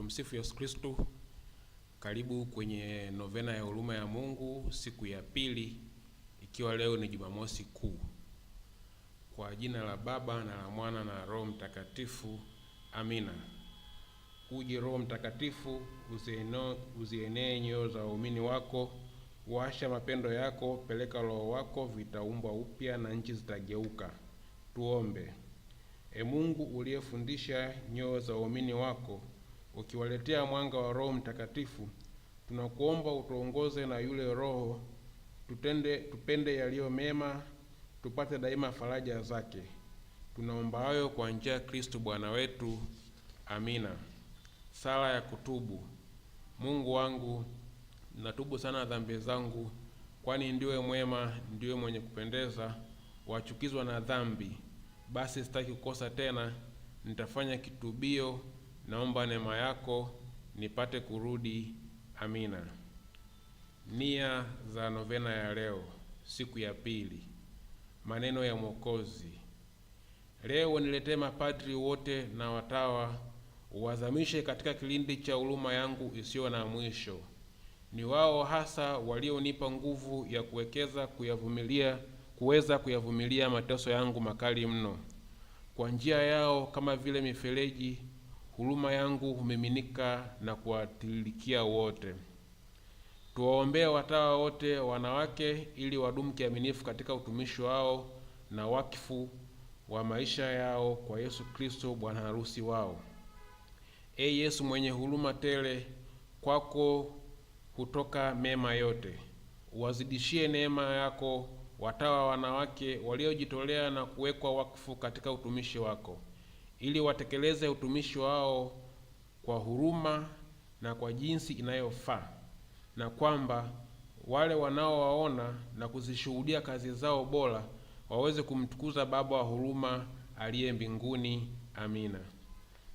Tumsifu Yesu Kristo. Karibu kwenye novena ya huruma ya Mungu siku ya pili, ikiwa leo ni Jumamosi Kuu. Kwa jina la Baba na la Mwana na Roho Mtakatifu, amina. Uje Roho Mtakatifu, uzienee nyoyo za waumini wako, washa mapendo yako, peleka Roho wako, vitaumbwa upya na nchi zitageuka. Tuombe. E Mungu uliyefundisha nyoyo za waumini wako ukiwaletea mwanga wa Roho Mtakatifu, tunakuomba utuongoze na yule Roho tutende, tupende yaliyo mema, tupate daima faraja zake. Tunaomba hayo kwa njia ya Kristo Bwana wetu. Amina. Sala ya kutubu. Mungu wangu, natubu sana dhambi zangu, kwani ndiwe mwema, ndiwe mwenye kupendeza, wachukizwa na dhambi. Basi sitaki kukosa tena, nitafanya kitubio naomba neema yako nipate kurudi. Amina. Nia za novena ya leo, siku ya pili. Maneno ya Mwokozi. Leo waniletee mapadri wote na watawa, uwazamishe katika kilindi cha huruma yangu isiyo na mwisho. Ni wao hasa walionipa nguvu ya kuwekeza kuyavumilia kuweza kuyavumilia mateso yangu makali mno. Kwa njia yao kama vile mifereji huruma yangu humiminika na kuwatilikia wote. Tuwaombee watawa wote wanawake, ili wadumu kiaminifu katika utumishi wao na wakifu wa maisha yao kwa Yesu Kristo bwana harusi wao. E Yesu mwenye huruma tele, kwako hutoka mema yote, uwazidishie neema yako watawa wanawake waliojitolea na kuwekwa wakfu katika utumishi wako ili watekeleze utumishi wao kwa huruma na kwa jinsi inayofaa, na kwamba wale wanaowaona na kuzishuhudia kazi zao bora waweze kumtukuza Baba wa huruma aliye mbinguni. Amina.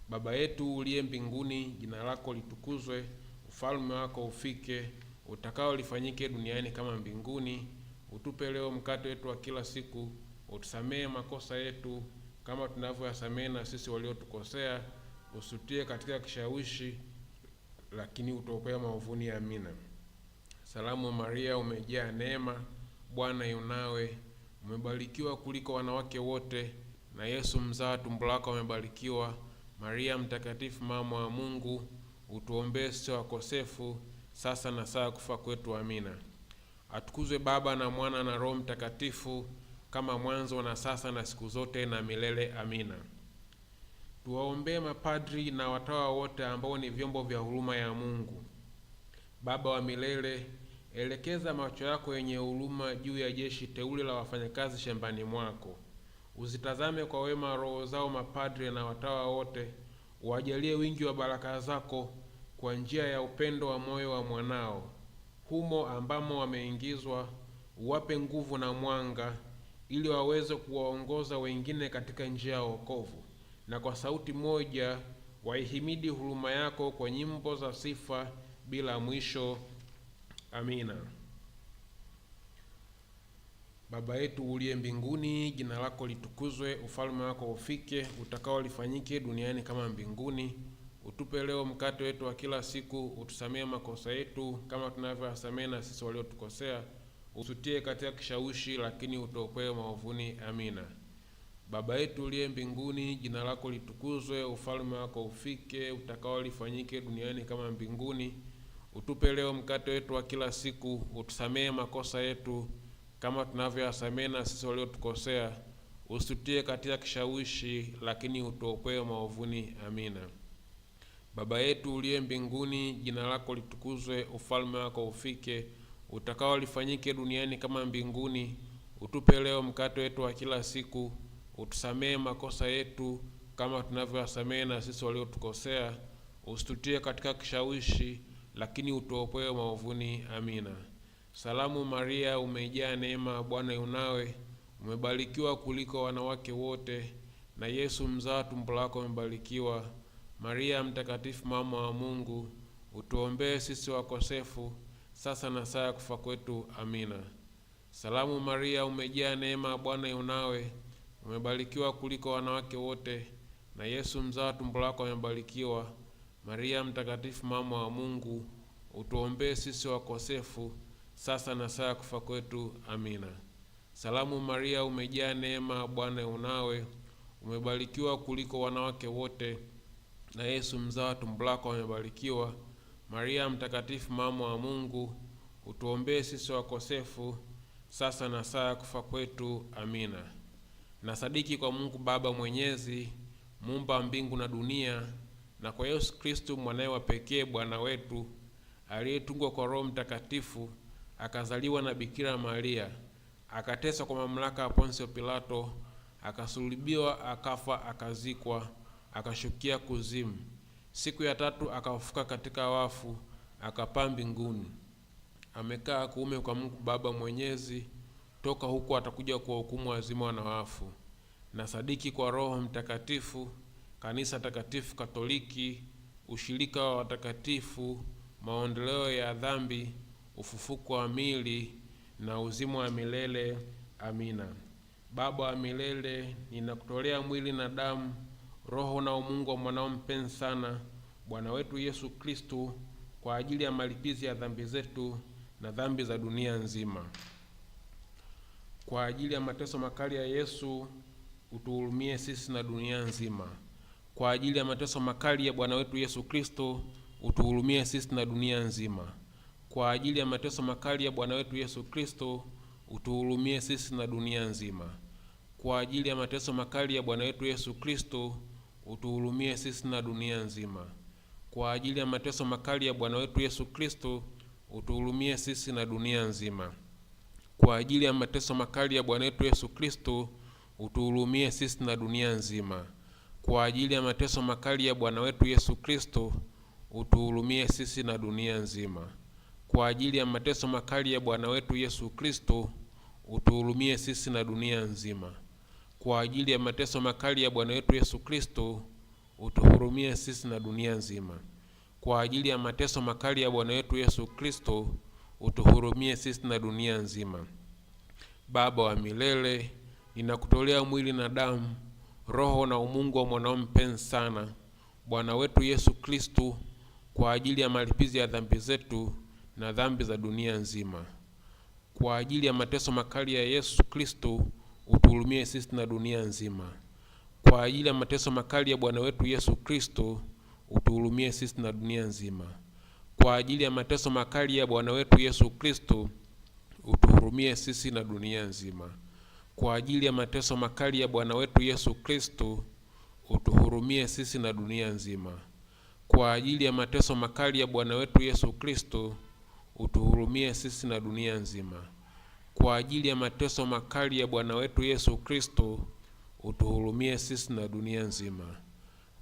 Baba yetu uliye mbinguni, jina lako litukuzwe, ufalme wako ufike, utakao lifanyike duniani kama mbinguni. Utupe leo mkate wetu wa kila siku, utusamehe makosa yetu kama tunavyoyasamehe na sisi waliotukosea, usutie katika kishawishi, lakini utopea maovuni. Amina. Salamu Maria, umejaa neema, Bwana yunawe, umebarikiwa kuliko wanawake wote, na Yesu mzaa tumbo lako amebarikiwa. Maria mtakatifu, mama wa Mungu, utuombee sisi wakosefu, sasa na saa kufa kwetu. Amina. Atukuzwe Baba na Mwana na Roho Mtakatifu, kama mwanzo na sasa na siku zote na milele. Amina. Tuwaombee mapadri na watawa wote ambao ni vyombo vya huruma ya Mungu. Baba wa milele, elekeza macho yako yenye huruma juu ya jeshi teule la wafanyakazi shambani mwako, uzitazame kwa wema roho zao mapadri na watawa wote, uwajalie wingi wa baraka zako kwa njia ya upendo wa moyo wa mwanao, humo ambamo wameingizwa, uwape nguvu na mwanga ili waweze kuwaongoza wengine katika njia ya wokovu, na kwa sauti moja waihimidi huruma yako kwa nyimbo za sifa bila mwisho. Amina. Baba yetu uliye mbinguni, jina lako litukuzwe, ufalme wako ufike, utakao lifanyike duniani kama mbinguni. Utupe leo mkate wetu wa kila siku, utusamehe makosa yetu kama tunavyowasamehe na sisi waliotukosea usutie katika kishawishi, lakini utuokoe maovuni. Amina. Baba yetu uliye mbinguni, jina lako litukuzwe, ufalme wako ufike, utakao lifanyike duniani kama mbinguni. Utupe leo mkate wetu wa kila siku, utusamehe makosa yetu kama tunavyoyasamehe na sisi waliotukosea, usutie katika kishawishi, lakini utuokoe maovuni. Amina. Baba yetu uliye mbinguni, jina lako litukuzwe, ufalme wako ufike utakao lifanyike duniani kama mbinguni. Utupe leo mkate wetu wa kila siku. Utusamehe makosa yetu kama tunavyowasamehe na sisi waliotukosea. Usitutie katika kishawishi, lakini utuopoe maovuni. Amina. Salamu Maria, umejaa neema, Bwana yunawe, umebarikiwa kuliko wanawake wote, na Yesu mzaa tumbo lako umebarikiwa. Maria mtakatifu, mama wa Mungu, utuombee sisi wakosefu sasa na saa ya kufa kwetu. Amina. Salamu Maria, umejaa neema, Bwana yunawe, umebarikiwa kuliko wanawake wote, na Yesu mzao tumbo lako amebarikiwa. Maria mtakatifu, mama wa Mungu, utuombee sisi wakosefu, sasa na saa ya kufa kwetu. Amina. Salamu Maria, umejaa neema, Bwana yunawe, umebarikiwa kuliko wanawake wote, na Yesu mzao tumbo lako amebarikiwa. Maria Mtakatifu, mama wa Mungu, utuombee sisi wakosefu sasa na saa ya kufa kwetu. Amina. Na sadiki kwa Mungu Baba Mwenyezi, muumba mbingu na dunia, na kwa Yesu Kristu mwanaye wa pekee Bwana wetu, aliyetungwa kwa Roho Mtakatifu, akazaliwa na Bikira Maria, akateswa kwa mamlaka ya Ponsio Pilato, akasulubiwa, akafa, akazikwa, akashukia kuzimu Siku ya tatu akafuka katika wafu, akapaa mbinguni, amekaa kuume kwa Mungu Baba Mwenyezi. Toka huko atakuja kuwahukumu wazima na wafu. Na sadiki kwa Roho Mtakatifu, kanisa takatifu Katoliki, ushirika wa watakatifu, maondoleo ya dhambi, ufufuko wa mili na uzima wa milele. Amina. Baba wa milele, ninakutolea mwili na damu Roho na umungu wa mwanao mpenzi sana Bwana wetu Yesu Kristu kwa ajili ya malipizi ya dhambi zetu na dhambi za dunia nzima. Kwa ajili ya mateso makali ya Yesu utuhurumie sisi na dunia nzima. Kwa ajili ya mateso makali ya Bwana wetu Yesu Kristo utuhurumie sisi na dunia nzima. Kwa ajili ya mateso makali ya Bwana wetu Yesu Kristo utuhurumie sisi na dunia nzima. Kwa ajili ya mateso makali ya Bwana wetu Yesu Kristo utuhurumie sisi na dunia nzima. Kwa ajili ya mateso makali ya Bwana wetu Yesu Kristo, utuhurumie sisi na dunia nzima. Kwa ajili ya mateso makali ya Bwana wetu Yesu Kristo, utuhurumie sisi na dunia nzima. Kwa ajili ya mateso makali ya Bwana wetu Yesu Kristo, utuhurumie sisi na dunia nzima. Kwa ajili ya mateso makali ya Bwana wetu Yesu Kristo, utuhurumie sisi na dunia nzima kwa ajili ya mateso makali ya Bwana wetu Yesu Kristo, utuhurumie sisi na dunia nzima. Kwa ajili ya mateso makali ya Bwana wetu Yesu Kristo, utuhurumie sisi na dunia nzima. Baba wa milele, ninakutolea mwili na damu, roho na umungu wa mwanao mpenzi sana, Bwana wetu Yesu Kristo, kwa ajili ya malipizi ya dhambi zetu na dhambi za dunia nzima. Kwa ajili ya mateso makali ya Yesu Kristo utuhurumie sisi na dunia nzima. Kwa ajili ya mateso makali ya Bwana wetu Yesu Kristo, utuhurumie sisi na dunia nzima. Kwa ajili ya mateso makali ya Bwana wetu Yesu Kristo, utuhurumie sisi na dunia nzima. Kwa ajili ya mateso makali ya Bwana wetu Yesu Kristo, utuhurumie sisi na dunia nzima. Kwa ajili ya mateso makali ya Bwana wetu Yesu Kristo, utuhurumie sisi na dunia nzima kwa ajili ya mateso makali ya Bwana wetu Yesu Kristo, utuhurumie sisi na dunia nzima.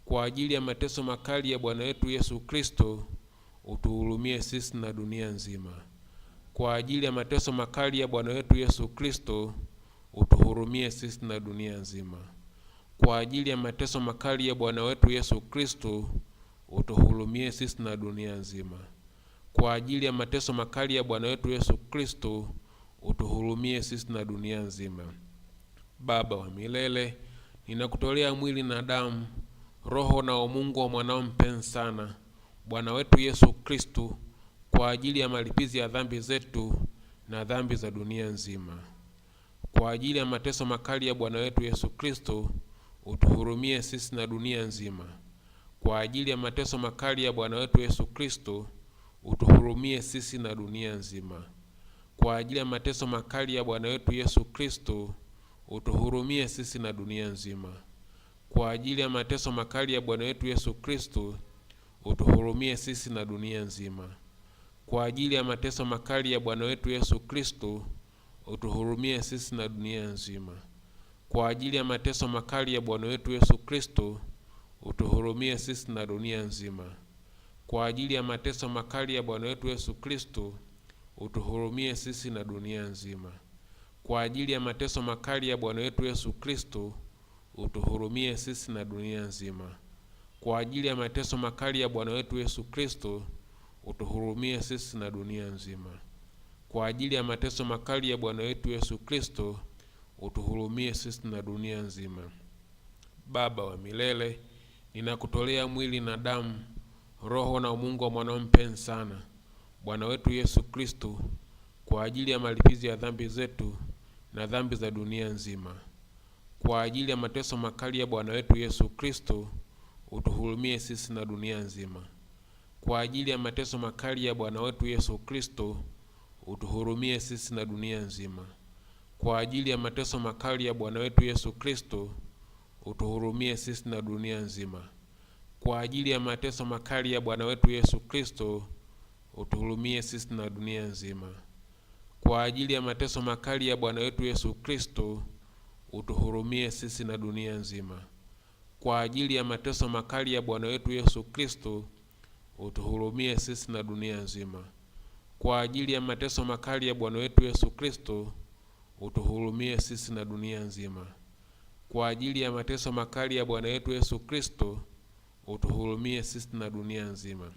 Kwa ajili ya mateso makali ya Bwana wetu Yesu Kristo, utuhurumie sisi na dunia nzima. Kwa ajili ya mateso makali ya Bwana wetu Yesu Kristo, utuhurumie sisi na dunia nzima. Kwa ajili ya mateso makali ya Bwana wetu Yesu Kristo, utuhurumie sisi na dunia nzima. Kwa ajili ya mateso makali ya Bwana wetu Yesu Kristo utuhurumie sisi na dunia nzima. Baba wa milele, ninakutolea mwili na damu, roho na umungu wa mwanao mpenzi sana, Bwana wetu Yesu Kristu, kwa ajili ya malipizi ya dhambi zetu na dhambi za dunia nzima. Kwa ajili ya mateso makali ya Bwana wetu Yesu Kristu, utuhurumie sisi na dunia nzima. Kwa ajili ya mateso makali ya Bwana wetu Yesu Kristu, utuhurumie sisi na dunia nzima kwa ajili ya mateso makali ya Bwana wetu Yesu Kristo, utuhurumie sisi na dunia nzima. Kwa ajili ya mateso makali ya Bwana wetu Yesu Kristo, utuhurumie sisi na dunia nzima. Kwa ajili ya mateso makali ya Bwana wetu Yesu Kristo, utuhurumie sisi na dunia nzima. Kwa ajili ya mateso makali ya Bwana wetu Yesu Kristo, utuhurumie sisi na dunia nzima. Kwa ajili ya mateso makali ya Bwana wetu Yesu Kristo utuhurumie sisi na dunia nzima. Kwa ajili ya mateso makali ya Bwana wetu Yesu Kristo, utuhurumie sisi na dunia nzima. Kwa ajili ya mateso makali ya Bwana wetu Yesu Kristo, utuhurumie sisi na dunia nzima. Kwa ajili ya mateso makali ya Bwana wetu Yesu Kristo, utuhurumie sisi na dunia nzima. Baba wa milele, ninakutolea mwili na damu, roho na umungu wa mwanao mpenzi sana Bwana wetu Yesu Kristu kwa ajili ya malipizi ya dhambi zetu na dhambi za dunia nzima. Kwa ajili ya mateso makali ya Bwana wetu Yesu Kristu utuhurumie sisi na dunia nzima. Kwa ajili ya mateso makali ya Bwana wetu Yesu Kristu utuhurumie sisi na dunia nzima. Kwa ajili ya mateso makali ya Bwana wetu Yesu Kristu utuhurumie sisi na dunia nzima. Kwa ajili ya mateso makali ya Bwana wetu Yesu Kristo utuhurumie sisi na dunia nzima. Kwa ajili ya mateso makali ya Bwana wetu Yesu Kristo, utuhurumie sisi na dunia nzima. Kwa ajili ya mateso makali ya Bwana wetu Yesu Kristo, utuhurumie sisi na dunia nzima. Kwa ajili ya mateso makali ya Bwana wetu Yesu Kristo, utuhurumie sisi na dunia nzima. Kwa ajili ya mateso makali ya Bwana wetu Yesu Kristo, utuhurumie sisi na dunia nzima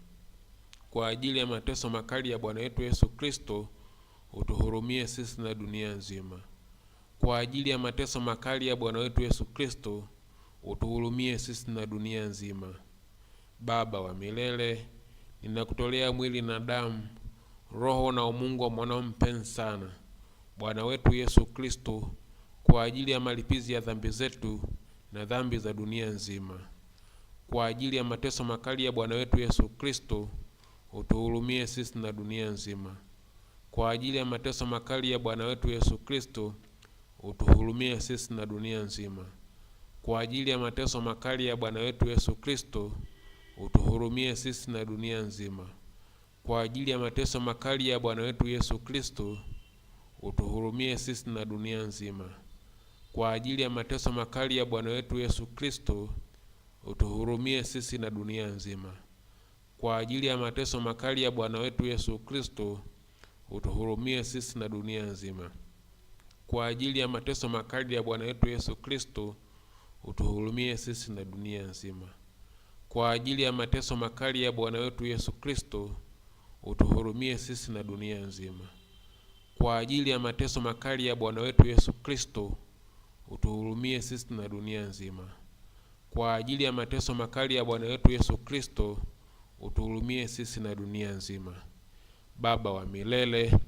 kwa ajili ya mateso makali ya Bwana wetu Yesu Kristo, utuhurumie sisi na dunia nzima. Kwa ajili ya mateso makali ya Bwana wetu Yesu Kristo, utuhurumie sisi na dunia nzima. Baba wa milele, ninakutolea mwili na damu, roho na umungu wa mwanao mpenzi sana, Bwana wetu Yesu Kristo, kwa ajili ya malipizi ya dhambi zetu na dhambi za dunia nzima. Kwa ajili ya mateso makali ya Bwana wetu Yesu Kristo utuhurumie sisi na dunia nzima. Kwa ajili ya mateso makali ya Bwana wetu Yesu Kristo, utuhurumie sisi na dunia nzima. Kwa ajili ya mateso makali ya Bwana wetu Yesu Kristo, utuhurumie sisi na dunia nzima. Kwa ajili ya mateso makali ya Bwana wetu Yesu Kristo, utuhurumie sisi na dunia nzima. Kwa ajili ya mateso makali ya Bwana wetu Yesu Kristo, utuhurumie sisi na dunia nzima kwa ajili ya mateso makali ya Bwana wetu Yesu Kristo, utuhurumie sisi na dunia nzima. Kwa ajili ya mateso makali ya Bwana wetu Yesu Kristo, utuhurumie sisi na dunia nzima. Kwa ajili ya mateso makali ya Bwana wetu Yesu Kristo, utuhurumie sisi na dunia nzima. Kwa ajili ya mateso makali ya Bwana wetu Yesu Kristo, utuhurumie sisi na dunia nzima. Kwa ajili ya mateso makali ya Bwana wetu Yesu Kristo utuhurumie sisi na dunia nzima. Baba wa milele,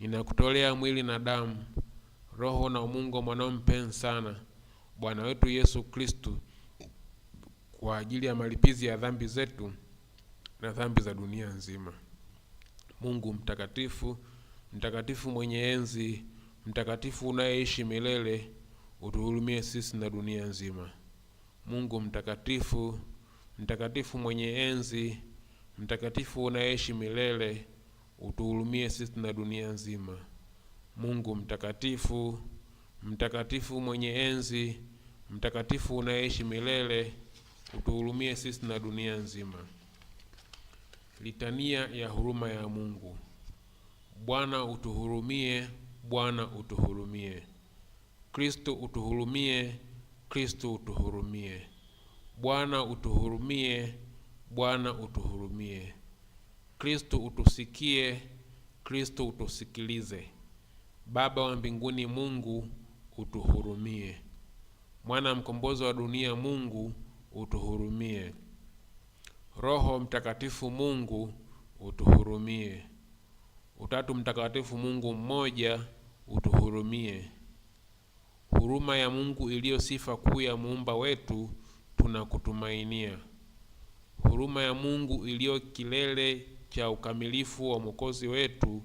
ninakutolea mwili na damu, roho na umungu mwanao mpenzi sana, Bwana wetu Yesu Kristu, kwa ajili ya malipizi ya dhambi zetu na dhambi za dunia nzima. Mungu mtakatifu, mtakatifu mwenye enzi, mtakatifu unayeishi milele, utuhurumie sisi na dunia nzima. Mungu mtakatifu mtakatifu mwenye enzi, mtakatifu unaishi milele, utuhurumie sisi na dunia nzima. Mungu mtakatifu, mtakatifu mwenye enzi, mtakatifu unaishi milele, utuhurumie sisi na dunia nzima. Litania ya huruma ya Mungu. Bwana utuhurumie, Bwana utuhurumie. Kristo utuhurumie, Kristo utuhurumie. Bwana utuhurumie, Bwana utuhurumie. Kristo utusikie, Kristo utusikilize. Baba wa mbinguni, Mungu utuhurumie. Mwana mkombozi wa dunia, Mungu utuhurumie. Roho Mtakatifu, Mungu utuhurumie. Utatu Mtakatifu, Mungu mmoja, utuhurumie. Huruma ya Mungu iliyo sifa kuu ya muumba wetu tunakutumainia. Huruma ya Mungu iliyo kilele cha ukamilifu wa Mwokozi wetu,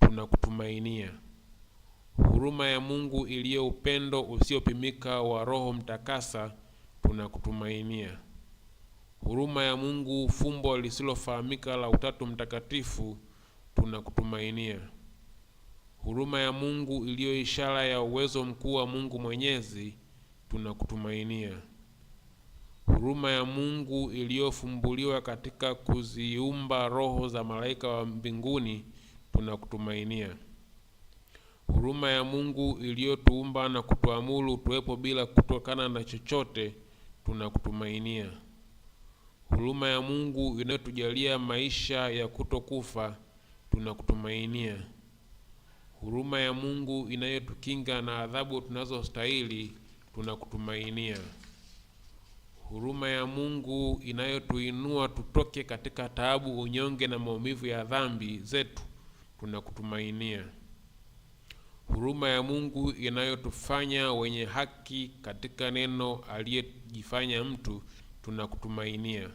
tunakutumainia. Huruma ya Mungu iliyo upendo usiopimika wa Roho Mtakasa, tunakutumainia. Huruma ya Mungu, fumbo lisilofahamika la Utatu Mtakatifu, tunakutumainia. Huruma ya Mungu iliyo ishara ya uwezo mkuu wa Mungu Mwenyezi, tunakutumainia huruma ya Mungu iliyofumbuliwa katika kuziumba roho za malaika wa mbinguni, tunakutumainia. Huruma ya Mungu iliyotuumba na kutuamuru tuwepo bila kutokana na chochote, tunakutumainia. Huruma ya Mungu inayotujalia maisha ya kutokufa, tunakutumainia. Huruma ya Mungu inayotukinga na adhabu tunazostahili, tunakutumainia huruma ya Mungu inayotuinua tutoke katika taabu, unyonge na maumivu ya dhambi zetu, tunakutumainia. Huruma ya Mungu inayotufanya wenye haki katika neno aliyejifanya mtu, tunakutumainia.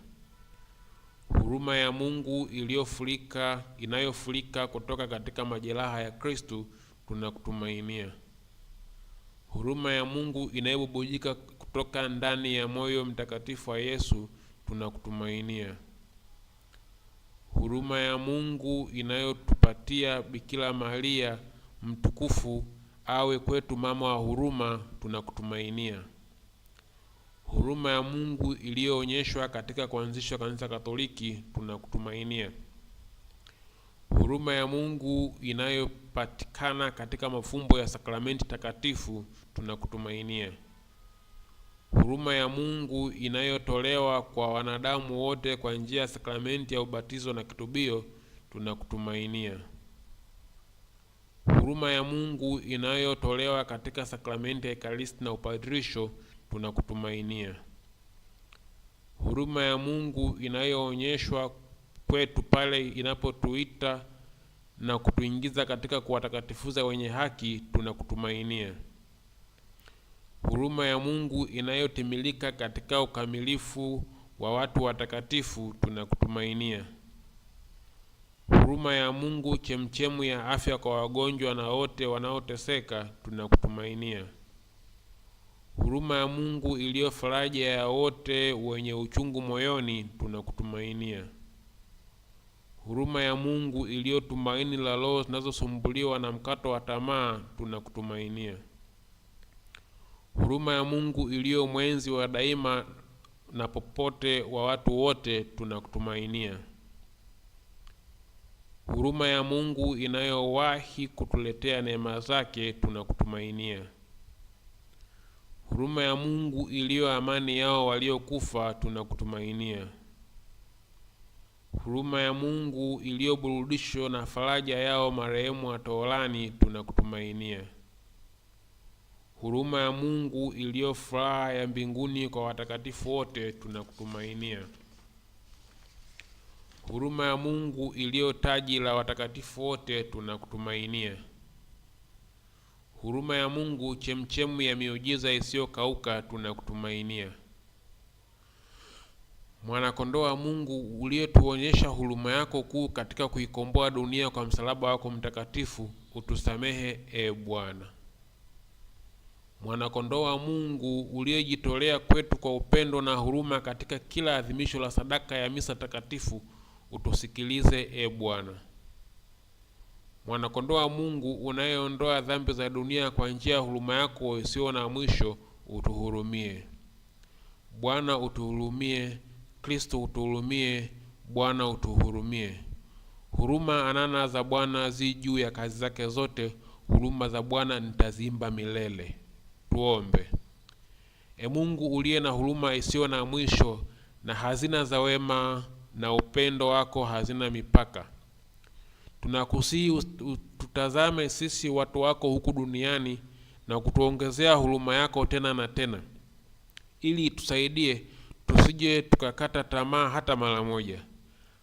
Huruma ya Mungu iliyofurika inayofurika kutoka katika majeraha ya Kristu, tunakutumainia. Huruma ya Mungu inayobubujika kutoka ndani ya moyo mtakatifu wa Yesu tunakutumainia. Huruma ya Mungu inayotupatia Bikira Maria mtukufu awe kwetu mama wa huruma, tunakutumainia. Huruma ya Mungu iliyoonyeshwa katika kuanzishwa kanisa Katoliki, tunakutumainia. Huruma ya Mungu inayopatikana katika mafumbo ya sakramenti takatifu, tunakutumainia huruma ya Mungu inayotolewa kwa wanadamu wote kwa njia ya sakramenti ya ubatizo na kitubio, tunakutumainia. Huruma ya Mungu inayotolewa katika sakramenti ya Ekaristi na upadrisho, tunakutumainia. Huruma ya Mungu inayoonyeshwa kwetu pale inapotuita na kutuingiza katika kuwatakatifuza wenye haki, tunakutumainia huruma ya Mungu inayotimilika katika ukamilifu wa watu watakatifu, tunakutumainia. Huruma ya Mungu, chemchemu ya afya kwa wagonjwa na wote wanaoteseka, tunakutumainia. Huruma ya Mungu iliyo faraja ya wote wenye uchungu moyoni, tunakutumainia. Huruma ya Mungu iliyo tumaini la roho zinazosumbuliwa na mkato wa tamaa, tunakutumainia huruma ya Mungu iliyo mwenzi wa daima na popote wa watu wote tunakutumainia. Huruma ya Mungu inayowahi kutuletea neema zake tunakutumainia. Huruma ya Mungu iliyo amani yao waliokufa tunakutumainia. Huruma ya Mungu iliyo burudisho na faraja yao marehemu watoolani tunakutumainia. Huruma ya Mungu iliyo furaha ya mbinguni kwa watakatifu wote, tunakutumainia. Huruma ya Mungu iliyo taji la watakatifu wote, tunakutumainia. Huruma ya Mungu chemchemu ya miujiza isiyokauka, tunakutumainia. Mwanakondoo wa Mungu uliyetuonyesha huruma yako kuu katika kuikomboa dunia kwa msalaba wako mtakatifu, utusamehe e Bwana mwanakondoo wa Mungu uliyejitolea kwetu kwa upendo na huruma katika kila adhimisho la sadaka ya misa takatifu, utusikilize e Bwana. Mwanakondoo wa Mungu unayeondoa dhambi za dunia kwa njia ya huruma yako isiyo na mwisho, utuhurumie. Bwana utuhurumie. Kristo utuhurumie. Bwana utuhurumie. Huruma anana za Bwana zi juu ya kazi zake zote, huruma za Bwana nitaziimba milele tuombe. E Mungu uliye na huruma isiyo na mwisho na hazina za wema na upendo wako hazina mipaka, tunakusihi tutazame sisi watu wako huku duniani na kutuongezea huruma yako tena na tena, ili tusaidie tusije tukakata tamaa hata mara moja.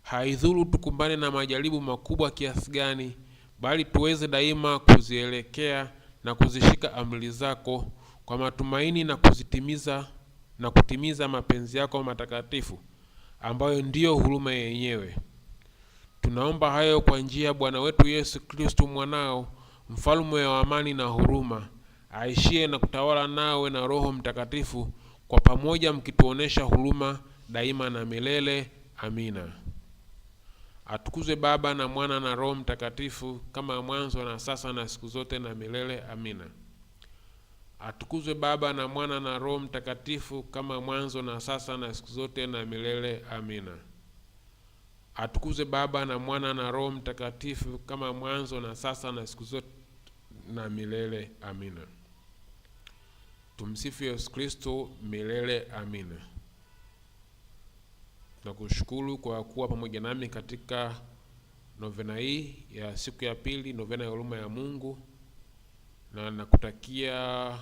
Haidhuru tukumbane na majaribu makubwa kiasi gani, bali tuweze daima kuzielekea na kuzishika amri zako kwa matumaini na kuzitimiza na kutimiza mapenzi yako matakatifu ambayo ndiyo huruma yenyewe. Tunaomba hayo kwa njia ya Bwana wetu Yesu Kristu mwanao, mfalme wa amani na huruma, aishie na kutawala nawe na Roho Mtakatifu kwa pamoja, mkituonesha huruma daima na milele. Amina. Atukuzwe Baba na Mwana na Roho Mtakatifu, kama mwanzo na sasa na siku zote na milele. Amina. Atukuzwe Baba na Mwana na Roho Mtakatifu, kama mwanzo na sasa na siku zote na milele. Amina. Atukuzwe Baba na Mwana na Roho Mtakatifu, kama mwanzo na sasa na siku zote na milele. Amina. Tumsifu Yesu Kristo milele. Amina. Nakushukuru kwa kuwa pamoja nami katika novena hii ya siku ya pili, novena ya huruma ya Mungu na nakutakia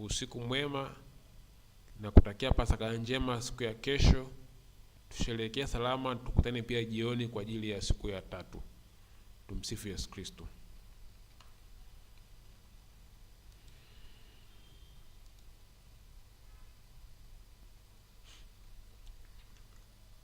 usiku mwema, nakutakia Pasaka njema siku ya kesho. tusherekee salama, tukutane pia jioni kwa ajili ya siku ya tatu. Tumsifu Yesu Kristo.